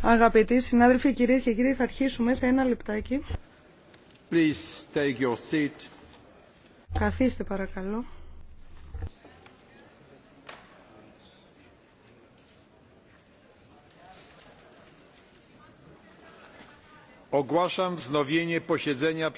Αγαπητοί συνάδελφοι, κυρίες και κύριοι, θα αρχίσουμε σε ένα λεπτάκι. Please take Καθίστε παρακαλώ. Ogłaszam wznowienie posiedzenia